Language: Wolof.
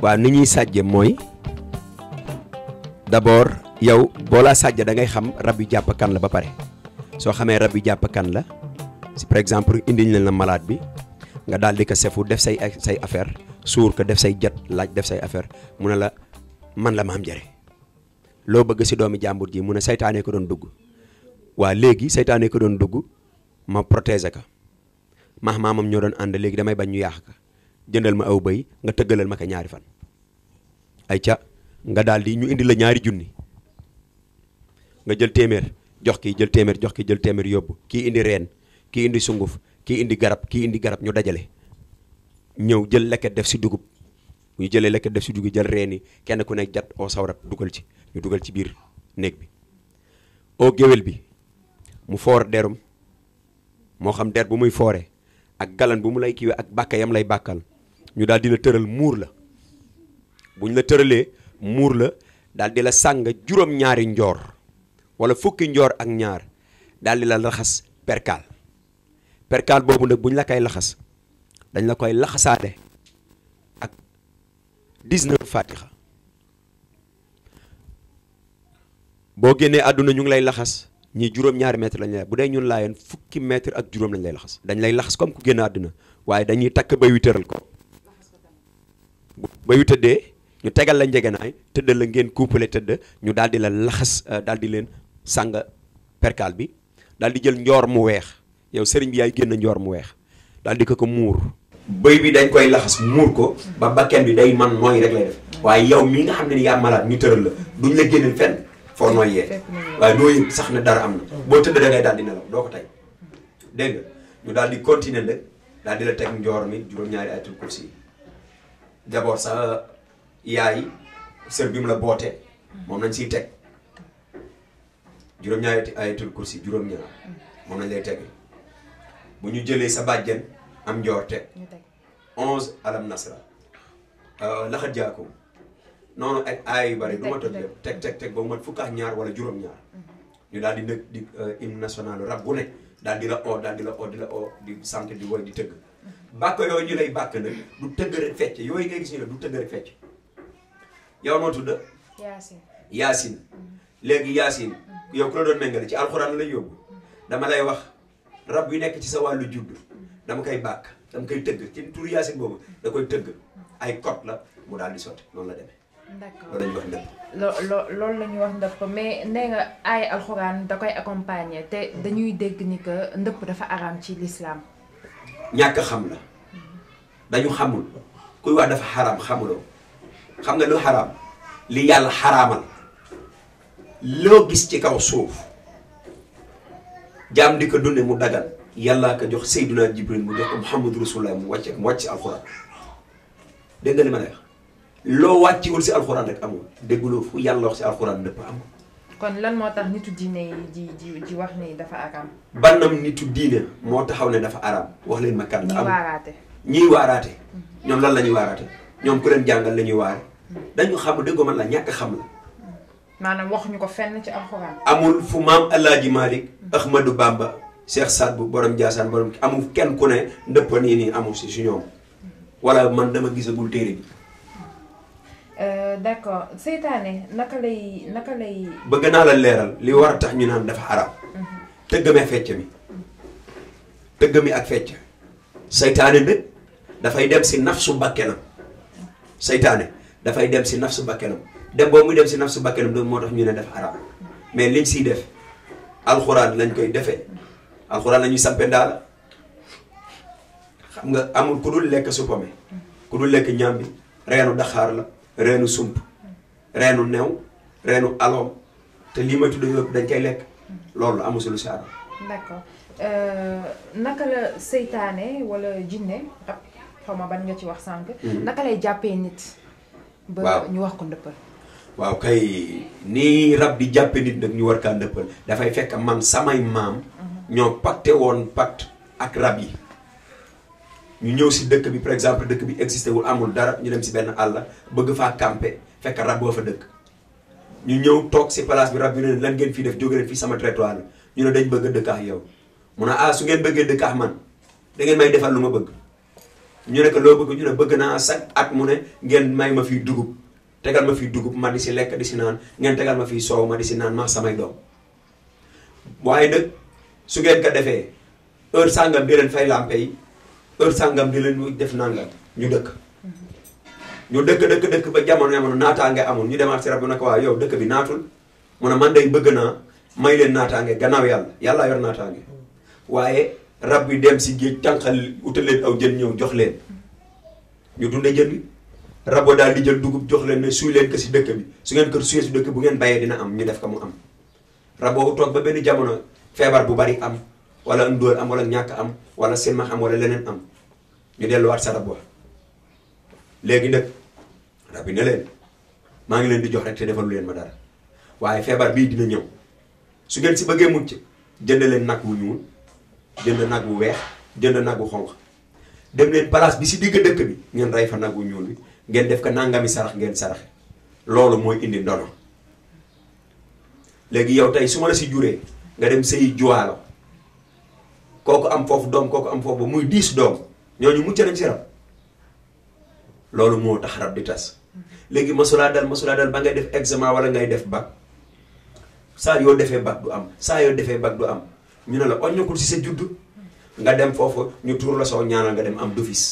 wa ni ñi sàjje moy d'abord yow bo la ham da ngay xam rabbi japp kan la ba paré so xamé rabbi japp kan la si par exemple indiñ leen la malade bi nga dal di ko sefu def say say affaire sur ko def say jat laaj def say affaire mu ne la man la maam jare lo bëgg si doomi jambour ji mu ne saytaanee ko don dugg wa légui saytaanee ko don dugg ma protéger ka, mah mamam ñoo don legi légui damay bañ ñu yaax ka jëndal ma aw bay nga tëggalal ma ka ñaari fan ay ca nga dal di ñu indi la ñaari junni nga jël joki jox temer jël téeméer jox ki jël téeméer yob ki indi reen ki indi sunguf ki indi garab ki indi garab ñu dajalé ñew jël lekket def si dugub ñu jëlee lekket def si dugub jël reeni kenn ku nekk jat o sawrap duggal ci ñu duggal ci biir néeg bi o gewel bi mu for derum mo xam der bu muy foré ak galan bu mu lay kiwe ak bàkkayam lay bakal ñu dal di la teural mur la ñu la tëralee muur la dal di la sàng juróom-ñaari njoor wala fukki njoor ak ñaar daal di la laxas perkaal perkaal boobu nag buñ la koy laxas dañ la koy laxasaade ak 19 fatiha boo génnee àdduna ñu ngi lay laxas ñii juróom-ñaari mètre lañ lay bu dee ñun laayeen fukki mètre ak juróom lañ lay laxas dañ lay laxas comme ku génn àdduna waaye dañuy takk ba yu tëral ko ba yu tëddee ñu tegal la njegenaay tëdd la ngeen couple tëdd ñu daal di la laxas euh, daal di leen sàng perkaal bi daal di jël njoor mu weex yow sëriñ bi yaay génn njoor mu weex daal di ko ko muur bëy bi dañ koy laxas muur ko ba bakken bi day man nooy rek lay def waaye yow mii nga xam ne ni yaa malade ñu tëral la duñ la génneel fenn foo nooy yee waaye nooy sax ne dara am na mm. boo tëdd da ngay nelaw doo ko tey dégg ñu daal di continuer nag daal di la teg njoor mi juróom-ñaari ayatul kursi yaay e sër bi mu la boote moom lañ siy teg juróom-ñaari ayatul ñaar moom lañ lay teg bu ñu jëlee sa bàjjen am njoor teg onze alam nasra euh, laxat jaakum noonu ak aay yu bëri du ma teg teg ba mu mat fukk ñaar wala juróom-ñaar mm-hmm. ñu daal di nëg di euh, hymne national rab bu ne daal la oo daal la oo di la oo di sant di woy di tëgg mm-hmm. bàkk yooyu ñu lay bàkk nag du tëgg rek fecc yooyu ngay gis ñu la du tëgg rek fecc yow noo tudd. yaasin Yacine. Mm-hmm. léegi Yacine mm-hmm. yow ku la doon méngale ci alxuraan lay yóbbu mm-hmm. dama lay wax rab yu nekk ci sa wàllu judd dama koy bàkk dama koy tëgg ci turu Yacine boobu da koy tëgg ay code la mu daal di sotti noonu la loolu la ñu wax ndëpp. loo loolu la wax ndëpp mais nee nga ay alxuraan da koy accompagner te dañuy dégg ni que ndëpp dafa araam ci lislaam ñàkk xam la dañu xamul kuy wax dafa xaraam xamuloo. xam nga lu xaraam li yàlla xaraamal loo gis ci kaw suuf jaam di ko dunde mu dagal yàllaa ko jox Seydina Jibril mu jox ko Muhammadu Rasulullah mu wàcce mu wàcc alxuraan dégg nga li ma lay wax loo wàcciwul si alxuraan rek amul dégguloo fu yàlla wax si alxuraan dëpp amul. kon lan moo tax nitu diine yi di wax ni dafa araam. bannam nitu diine moo taxaw ne dafa araam wax leen ma kan la am ñiy waaraate ñoom lan la ñuy waaraate ñoom ku leen jàngal la waare dañu xam déggoo man la ñàkk xam la. maanaam waxuñu ko fenn ci alxuraan. amul fu maam El Hadj Malick. Ahmadou Bamba. Cheikh Saad bu borom Ndiassane borom amul kenn ku ne ndëpp nii nii amul si si ñoom. wala man dama gisagul téere bi. Euh, d'accord seytaane naka lay naka lay. bëgg naa la leeral li war a tax ñu naan dafa xaraam. Mhm. tëgg mi fecc mi. tëgg mi ak fecc. seytaane nag dafay dem si nafsu bàkkenam seytaane. dafay dem si naf su bakkenam dem boobu muy dem si naf su bakkenam loolu moo tax ñu ne def haram mais liñ siy def alxuraan lañ koy defee alxuraan lañuy ñuy sampe ndaala xam nga amul ku dul lekk suppame ku dul lekk ñambi reenu daxaar la reenu sump reenu new reenu aloom te lii may tudd yëpp dañ koy lekk loolu amul sulu si haram d'accord euh, naka la seytaane walla jinne ah, xaw ma ban nga ci wax sànq mm-hmm. naka lay jàppee nit ba ñu wax ko ndëppal waaw kay ni rab di jàppe nit nag ñu war kaa ndëppal dafay fekk man samay maam mhm. ñoo pacte woon pacte ak rab yi ñu ñëw si dëkk bi par exemple dëkk bi existé wul amul dara ñu dem si benn àll bëgg faa camper fekk rab fa dëkk ñu ñëw toog si place bi rab bi lan ngeen fii def jóge leen sama territoire la ñu ne dañ bëgg dëkk ak yow mu ne ah su ngeen bëggee dëkk ak man da ngeen may defal lu ma bëgg ñu ne loo bëgg ñu ne bëgg naa chaque at mu ne ngeen may ma fii dugub tegal ma fii dugub ma di si lekk di si naan ngeen tegal ma fii soow ma di si naan ma samay doom waaye nag su ngeen ko defee ër sàngam di leen fay làmpe yi heure sàngam di leen def nangam ñu dëkk mm-hmm. ñu dëkk dëkk dëkk ba jamono jamono naataange amoon ñu demaat si rab bi ne ko waaw yow dëkk bi naatul mu ne man day bëgg naa may leen naataange gannaaw yàlla yàlla yor naataange mm-hmm. waaye rab yi dem si géej tànqal utal leen aw jën ñëw jox leen ñu dundee jën wi rabo daal di jël dugub jox leen ne suy leen ko si dëkk bi su ngeen kër suyee si dëkk bu ngeen bayee dina am ñu def ko mu am rabo toog ba benn jamono feebar bu bari am wala ndóol am wala ñàkk am wala silmax am wala leneen am ñu delluwaat sa rab wa léegi nag rab bi ne leen maa ngi leen di jox rek te defalu leen ma dara waaye feebar bii dina ñëw su ngeen si bëggee mucc jënd leen nag wu ñuul jënd nagu wu weex jënd nag wu xonq dem leen place bi ci digg dëkk bi ngeen ray fa nagu ñuul bi ngeen def ko nangami sarax ngeen saraxe loolu mooy indi ndono léegi yow tey su ma la si juree nga dem sëyi juwaalo kooku am foofu doom kooku am foofu muy diis doom ñooñu mucc nañ si rab loolu moo tax rab di tas léegi masulaa dal masulaa dal ba ngay def examen wala ngay def bac saa yoo defee bac du am saa yoo defee bac du am ñu ne la oññakul si sa judd nga dem foofu ñu tuur la soo ñaanal nga dem am d'office